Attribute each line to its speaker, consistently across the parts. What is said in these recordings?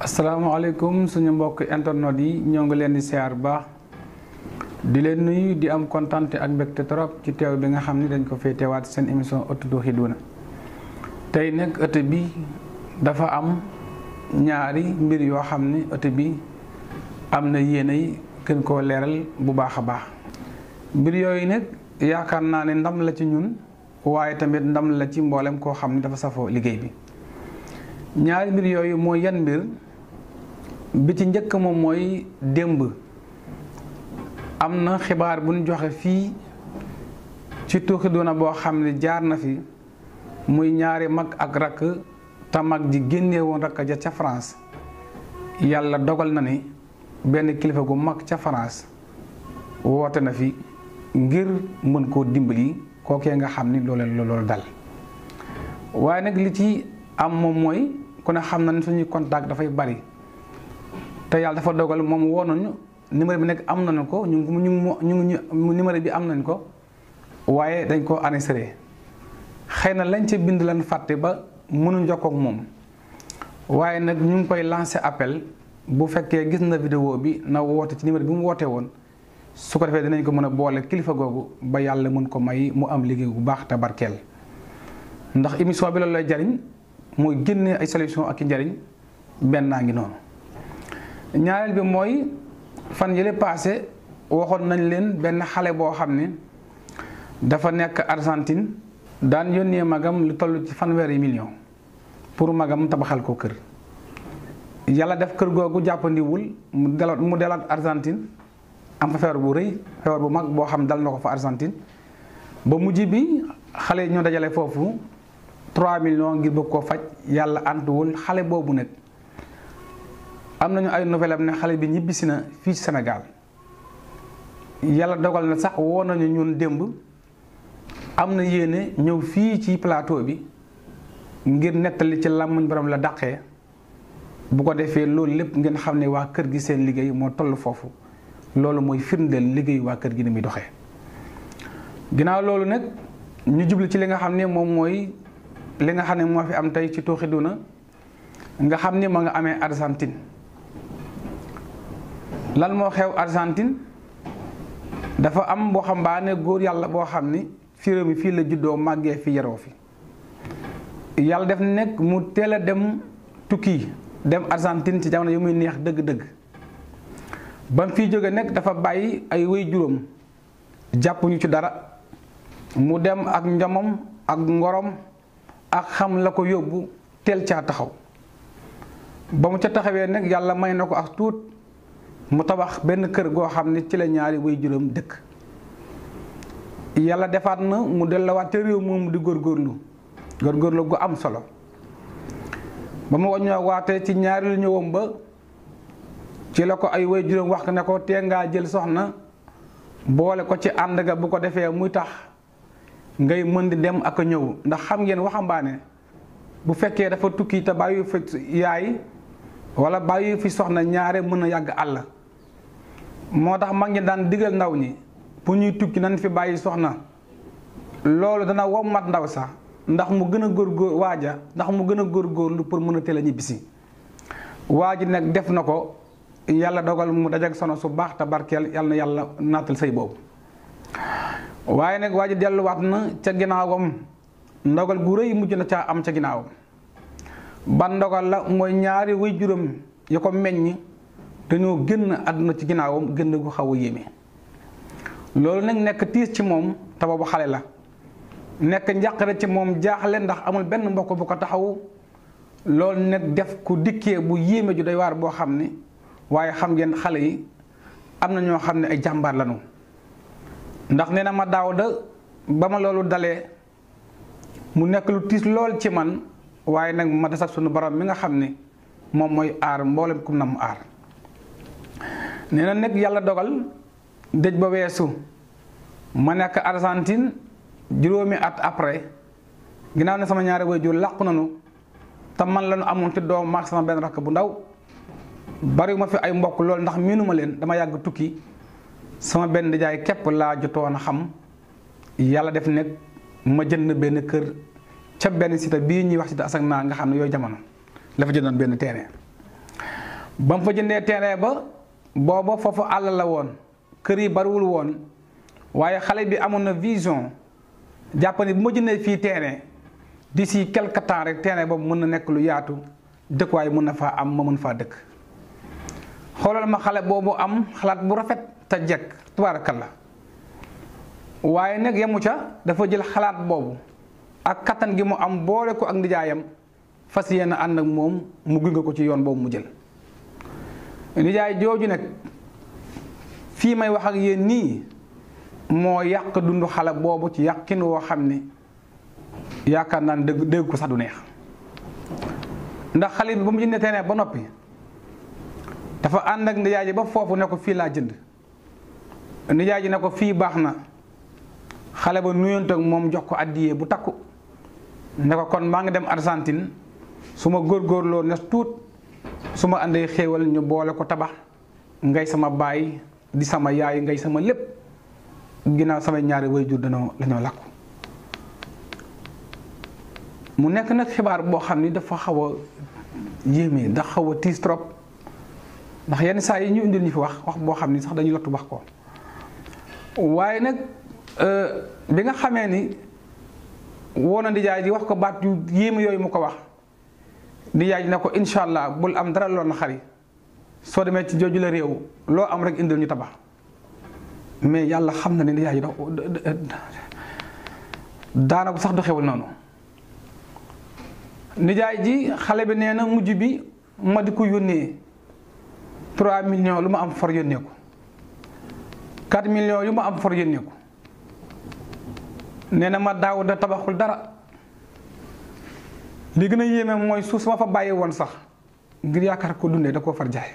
Speaker 1: Assalamualaikum, suñu mbokk internet yi ñoo ngi leen di siyaar baax di leen nuyu di am kontante ak mbégte trop ci teew bi nga xam dañ ko fee teewaat seen émission ëttu Doxiduna tey bi dafa am ñaari mbir yo xam ni bi am na yéene yi gën koo leeral bu baax a baax mbir yooyu nag yaakaar na ne ndam la ci ñun waaye tamit ndam la ci mboolem dafa safo liggéey bi ñaari mbir yooyu mooy yan mbir bi ci njëkk moom mooy démb am na xibaar bu ñu joxe fii ci tuuxi doona boo xam ne jaar na fi muy ñaari mag ak rakk te mag ji génnewoon woon rakk ja ca France yàlla dogal na ne benn kilifa gu mag ca faranse woote na fi ngir mën koo dimbali kookee nga xam ni loolu loolu dal waaye nag li ci am moom mooy ku ne xam na ne suñuy contact dafay bari te yàlla dafa dogal moom woo nañu numéro bi nekk am nañu ko ñu ngi ñu ngi numéro bi am nañ ko waaye dañ ko enregistré xëy na lañ ca bind lan fàtte ba mënu jox kook moom waaye nag ñu ngi koy lancé appel bu fekkee gis na vidéo bi na woote ci numéro bi mu wootee woon su ko defee dinañ ko mën a boole kilifa googu ba yàlla mën ko may mu am liggéey bu baax te barkeel ndax émission bi loolu lay jariñ mooy génne ay solution ak i njariñ benn naa ngi noonu ñaareel bi mooy fan yële passé waxoon nañ leen benn xale boo xam ne dafa nekk Argentine daan yónnee magam lu toll ci fanweeri million pour magam tabaxal ko kër yàlla def kër googu jàppandiwul mu delaat mu delaat Argentine am fa feebar bu rëy feebar bu mag boo xam dal na ko fa Argentine ba mujj bi xale ñoo dajale foofu 3 million ngir bëgg koo faj yàlla àntuwul xale boobu nag am nañu ay novel am ne xale bi ñibbisi na fii ci Sénégal yàlla dogal na sax woo nañu ñun démb am na yéene ñëw fii ci plateau bi ngir nettali ci làmmuñ borom la dàqee bu ko defee loolu lépp ngeen xam ne waa kër gi seen liggéey moo toll foofu loolu mooy firndeel liggéey waa kër gi ni muy doxee ginnaaw loolu nag ñu jublu ci li nga xam ne moom mooy li nga xam ne moo fi am tey ci na nga xam ne ma nga amee Argentine lan moo xew Argentine dafa am waxambaane góor yàlla boo xam ni fi mi fii la juddoo màggee fi yaroo fi yàlla def nekk mu teel a dem tukki dem Argentine ci jamono yu muy neex dëgg-dëgg ba mu fiy jóge nekk dafa bàyyi ay wéy juróom jàppuñu ci dara mu dem ak njomom ak ngorom ak xam la ko yóbbu teel caa taxaw ba mu ca taxawee nag yàlla may na ko ak tuut mu tabax benn kër goo xam ne ci la ñaari way juróom dëkk yàlla defaat na mu delluwaat ca réew moom di góor góorlu góor góorlu gu am solo ba mu waññoo waatee ci ñaari lu ñëwam ba ci la ko ay way juróom wax ne ko tee ngaa jël soxna boole ko ci ànd ga bu ko defee muy tax ngay mën di dem ak a ñëw ndax xam ngeen waxambaane bu fekkee dafa tukki te bàyyi fi yaay wala bàyyi fi soxna ñaare mën a yàgg àll moo tax mag ñi daan digal ndaw ñi bu ñuy tukki nañ fi bàyyi soxna loolu dana wommat ndaw sax ndax mu gën a góorgóor waaja ndax mu gën a góorgóorlu pour mën a teel a ñibbisi waa ji nag def na ko yàlla dogal mu dajak sono su baax te barkeel yàlla na yàlla nattal sëy boobu waaye nag waa ji delluwaat na ca ginnaawam ndogal gu rëy mujj na caa am ca ginnaaw ban ndogal la mooy ñaari way juróom ya ko meññ dañoo génn àdduna ci ginnaawam génn gu xaw a yéeme loolu nag nekk tiis ci moom te boobu xale la nekk njàqare ci moom jaaxle ndax amul benn mbokk bu ko taxaw loolu nag def ku dikkee bu yéeme ju doy waar boo xam ne waaye xam ngeen xale yi am na ñoo xam ne ay jàmbaar lanu ndax nee na ma daaw da ba ma loolu dalee mu nekk lu tiis lool ci man waaye nag ma des ak sunu borom mi nga xam ne moom mooy aar mboolem kum na mu aar nee na nag yàlla dogal dëj ba weesu ma nekk Argentine juróomi at après ginnaaw ne sama ñaari waajur làqu nañu te man la ñu amoon te doom maak sama benn rakk bu ndaw bariwuma fi ay mbokk loolu ndax miinuma leen dama yàgg tukki sama benn jaay képp laa jotoon a xam yàlla def nekk ma jënd benn kër ca benn site bii ñuy wax site asak naa nga xam ne yooyu jamono dafa jëndoon benn terrain ba mu fa jëndee terrain ba. booba foofu àll la woon kër yi bariwul woon waaye xale bi amoon na vision jàpp ne bu ma jëndee fii terrain d'ici quelque temps rek terrain boobu mën na nekk lu yaatu dëkkuwaay mën na faa am ma mën faa dëkk xoolal ma xale boobu am xalaat bu rafet te jekk la waaye nag yemu ca dafa jël xalaat boobu ak kattan gi mu am boole ko ak nijaayam fas yéene ànd ak moom mu gunge ko ci yoon boobu mu jël nijaay jooju nag fii may wax ak yéen nii moo yàq dund xale boobu ci yàqin woo xam ne yaakaar naa ne dëgg dëgg ko sax du neex ndax xale bi ba mu jëndee terrain ba noppi dafa ànd ak nijaay ji ba foofu ne ko fii laa jënd nijaay ji ne ko fii baax na xale ba nuyonte moom jox ko addiyee bu takku ne ko kon maa ngi dem Argentine su ma góorgóorloo ne tuut. suma ma andee xéewal ñu boole ko tabax ngay sama baay di sama yaay ngay sama lépp ginnaaw sama ñaari wayjur dañoo dañoo làkku mu nekk nag xibaar boo xam ni dafa xaw a yéeme ndax xaw a tiis trop ndax yenn saa yi ñu indil ñu fi wax wax boo xam ni sax dañu lottu wax ko waaye nag euh, bi nga xamee ni woon ndijaay ji wax ko baat yu yéeme yooyu mu ko wax di yaay ne ko incha allah bul am dara lool na xari soo demee ci jooju la réew loo am rek indil tabax mais yàlla xam na ne ni yaay daanaka sax doxewul noonu nijaay ji xale bi nee na mujj bi ma di ko yónnee trois millions lu ma am for yónnee ko quatre millions yu ma am for yónnee ko nee na ma daaw da tabaxul dara li gën a yéeme mooy suuf sama fa bàyyi woon sax ngir yaakaar ko dundee da koo far jaay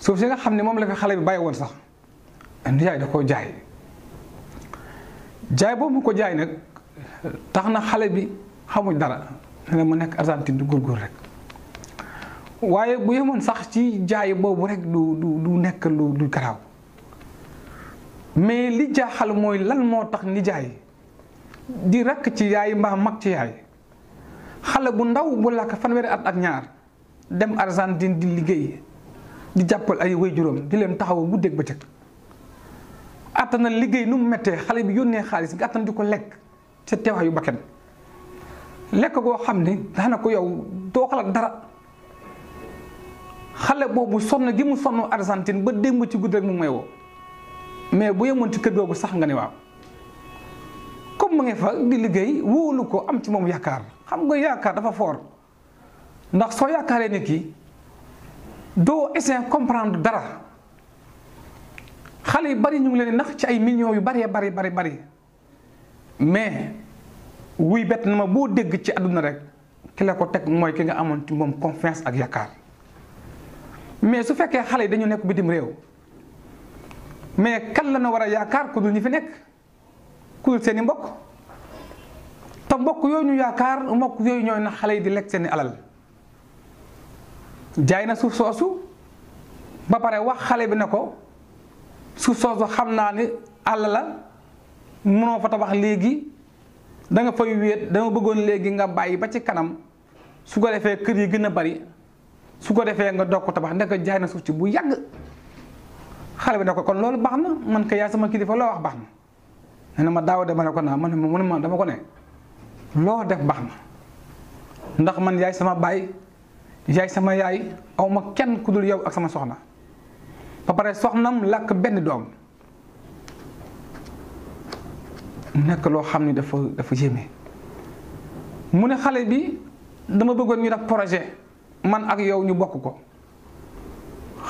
Speaker 1: suuf si nga xam ne moom la fi xale bi bàyyi woon sax ndiyaay da koo jaay jaay boobu mu ko jaay nag tax na xale bi xamuñ dara ne mu nekk Argentine di góorgóor rek waaye bu yemoon sax ci jaay boobu rek du du du nekk lu du garaaw mais li jaaxal mooy lan moo tax ni jaay di rakk ci yaay mbaam mag ci yaay xale bu ndaw bu làkk fanweeri at ak ñaar dem Argentine di liggéey di jàppal ay juróom di leen taxaw bu dégg bëccëg attan na liggéey nu mu méttee xale bi yónnee xaalis nga di ko lekk ca teewaayu bakkan lekk goo xam ni daanaka yow doo xalaat dara xale boobu sonn gi mu sonn Argentine ba démb ci guddi rek mu may woo mais bu yemoon ci kër googu sax nga ne waaw. ma nga fa di liggéey wóolu ko am ci moom yaakaar xam nga yaakaar dafa fort ndax soo yaakaaree nit ki doo essayer comprendre dara xale yu bari ñu ngi leen nax ci ay millions yu bari bari bari bari mais wuy bett na ma boo dégg ci àdduna rek ki la ko teg mooy ki nga amoon ci moom confiance ak yaakaar mais su fekkee xale yi dañu nekk bitim réew mais kan la na war a yaakaar ku dul ñi fi nekk ku seeni mbokk te mbokk yooyu ñu yaakaar mbokk yooyu ñooy na xale yi di lekk seen i alal jaay na suuf soosu ba pare wax xale bi ne ko suuf soosu xam naa ni àll la mënoo fa tabax léegi danga nga fay wéet dama bëggoon léegi nga bàyyi ba ci kanam su ko defee kër yi gën a bari su ko defee nga doog ko tabax ndeke jaay na suuf ci bu yàgg xale bi ne ko kon loolu baax na man ko yaa sama kilifa loo wax baax na ne ma daaw dama ne ko naa ma ne ma ma dama ko ne loo def baax ndax man yaay sama bay, yaay sama yaay aw ma kenn ku dul yow ak sama soxna ba pare soxnam làkk benn doom mu nekk loo xam mana dafa dafa yéeme mu ne xale bi dama bëggoon ñu def projet man ak yow ñu bokk ko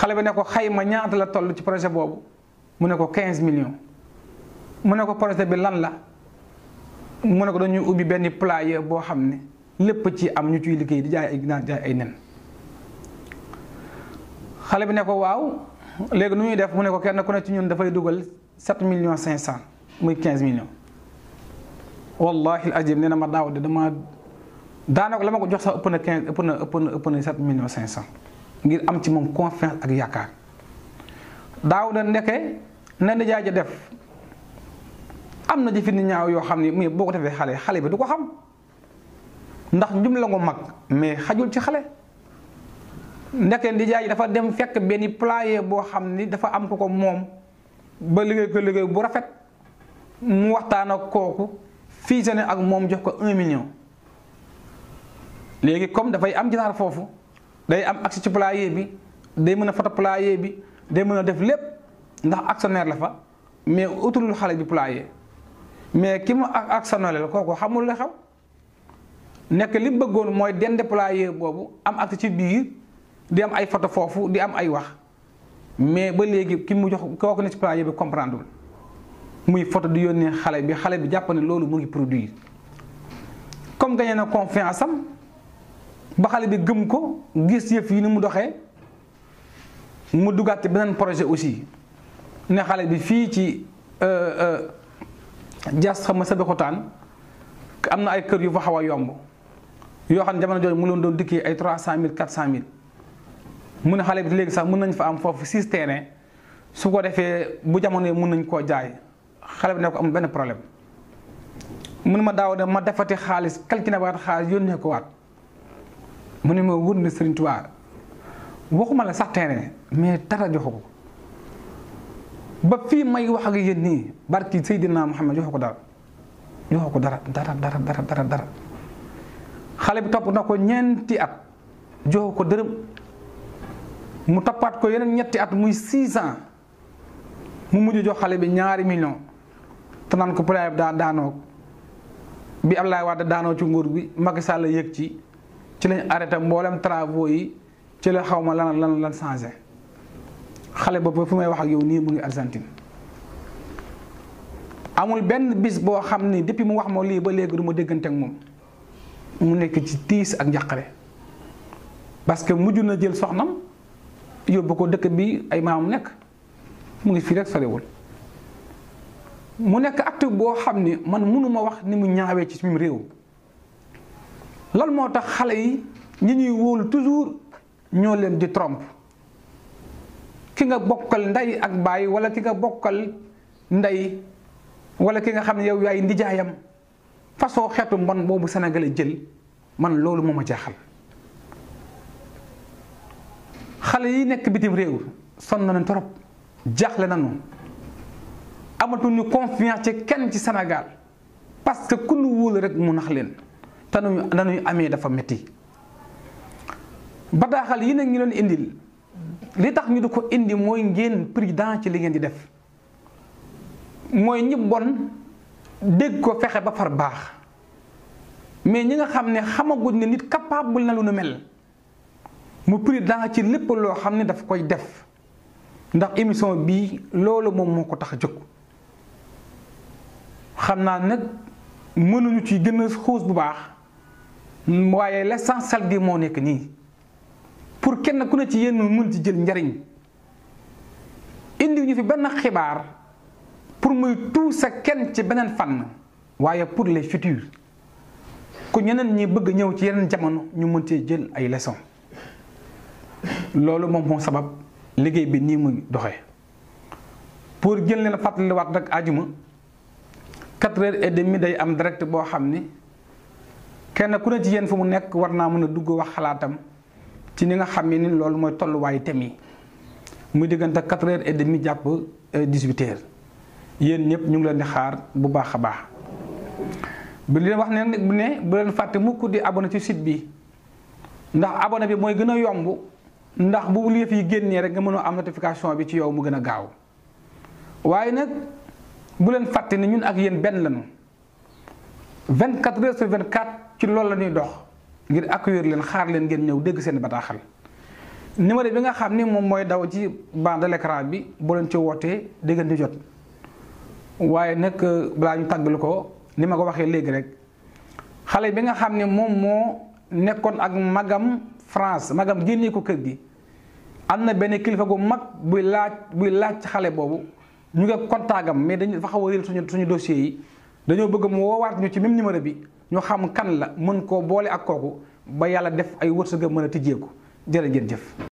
Speaker 1: xale bi ne ko xayma ñaata la toll ci projet boobu mu ko 15 millions. mu ne ko projet bi lan la mu ne ko dañuy ubbi benn poulailler boo xam ne lépp ci am ñu ciy liggéey di jaay ay ginaar jaay ay nen xale bi ne ko waaw léegi nu ñuy def mu ne ko kenn ku ne ci ñun dafay dugal sept millions cinq cent muy quinze millions wallahi alazim nee na ma daaw de dama daanaka la ma ko jox sax ëpp na quinze ëpp na ëpp na ëpp na sept millions cinq cent ngir am ci moom confiance ak yaakaar daaw da ndeke na nijaay ja def am na jëfin ñaaw yoo xam ne mais boo ko defee xale xale bi du ko xam ndax njumla ngo mag mais xajul ci xale ndekeen di jaay dafa dem fekk benn playé boo xam ni dafa am ko ko moom ba liggéey ko liggéey bu rafet mu waxtaan ak kooku fii sene ak moom jox ko un million léegi comme dafay am ginaar foofu day am accès ci playé bi day mën a foto playé bi day mën a def lépp ndax actionnaire la fa mais utul xale bi playé mais ki mu ak ak sonalel kooku xamul la nekk li bëggoon mooy den déployé boobu am ak ci biir di am ay photo foofu di am ay wax mais ba léegi ki mu jox kooku ne ci déployé bi comprendre muy photo di yónnee xale bi xale bi jàpp ne loolu mu ngi produire comme gagné na confiance sam ba xale bi gëm ko gis yëf yi ni mu doxee mu duggaat beneen projet aussi ne xale bi fii ci. Euh, euh, jas xam nga Sébikotane am na ay kër yu fa xaw a yomb yoo xam ne jamono jooju mu loon doon dikkee ay 300000 400000 mu ne xale bi léegi sax mun nañ fa am foofu 6 terrain su ko defee bu jamono yi mën nañ koo jaay xale bi ne ko amul benn problème mun ma daaw de ma defati xaalis calculé waat xaalis yónnee ko waat mu ne ma wër na Serigne Touba waxuma la sax terrain mais dara joxu ko ba fii may wax ak yéen nii barki Seydina Muhammad joxu ko dara joxu ko dara dara dara dara dara dara xale bi topp na ko ñeenti at joxu ko dërëm mu toppaat ko yeneen ñetti at muy six ans mu mujj jox xale bi ñaari million te naan ko problème daa daanoo bi Abdoulaye Wade daanoo ci nguur bi Macky Sall yëg ci ci lañ arrêté mboolem travaux yi ci la xaw ma lan lan lan xale bobu fu may wax ak yow ni mu ngi Argentine amul ben bis bo xamni depuis mu wax mo li ba legui du deugante ak mom mu nek ci tiss ak njàqare parce que mujj na jël soxnam yóbbu ko dëkk bi ay maam nek mu ngi fi rek sale sorewul mu nek acte bo xamni ni man mënuma wax ni mu ñaawé ci suñu rew lan motax xale yi ñi ñuy wóolu toujours ñoo leen di trompe ki nga bokkal ndey ak baay wala ki nga bokkal ndey wala ki nga xam ne yow yaay ndijaayam façon xeetu mbon boobu sénégalais jël man loolu moom ma jaaxal xale yi nekk bitim réew sonn nañu trop jaaxle nañu amatuñu confiance ci kenn ci Sénégal parce que ku nu wóolu rek mu nax leen te nañu amee dafa metti bataaxal yi nag ngi leen indil li tax ñu du ko indi mooy ngeen prudent ci li ngeen di def mooy ñi dégg ko fexe ba far baax mais ñi nga xam ne xamaguñ ne nit capable na lu nu mel mu prudent ci lépp loo xam ne daf koy def ndax émission bii loolu moom moo ko tax a jóg xam naa nag mënuñu ci gën a xuus bu baax waaye l'essentiel bi moo nekk nii pour kenn ku ne ci yéen mun ci jël njariñ indiw ñu fi benn xibaar pour muy tuus sa kenn ci beneen fànn waaye pour les futurs ku ñeneen ñi bëgg ñëw ci yeneen jamono ñu mën cee jël ay leçons loolu moom moo sabab liggéey bi nii muy doxe pour jël leen fàttaliwaat rek ajuma quatre heures et demie day am direct boo xam ni kenn ku ne ci yéen fu mu nekk war naa mën a dugg wax xalaatam. ci ni nga xam ne ni loolu mooy tolluwaayu thème yi muy diggante quatre heures et demie jàpp euh, dix-huit heures yéen ñëpp ñu ngi leen di xaar bu baax a baax bi leen wax ne bu ne bu leen fàtte mukk di abonné ci site bi ndax abona bi mooy gën a yomb ndax bu liëf yi génnee rek nga mën a am notification bi ci yow mu gën a gaaw waaye nag bu leen fàtte ni ñun ak yéen benn lañu vingt-quatre heures sur vingt-quatre ci loolu la ñuy dox ngir accueillir leen xaar leen ngeen ñëw dégg seen bataaxal numéro bi nga xam ni moom mooy daw ci bande de bi boo leen ci wootee di ngeen di jot waaye nag euh, balaa ñu tàggal ko ni ma ko waxee léegi rek xale bi nga xam ne moom moo nekkoon ak magam France magam génnee ko kër gi am na benn kilifa gu mag buy laaj buy laaj ci xale boobu ñu ngi kontagam mais dañu dafa xaw a réer suñu suñu dossier yi dañoo bëgg mu woowaat ñu ci même numéro bi. ñu xam kan la mën koo boole ak kooku ba yàlla def ay wër wërsëga mën a ko jërë ngeen jëf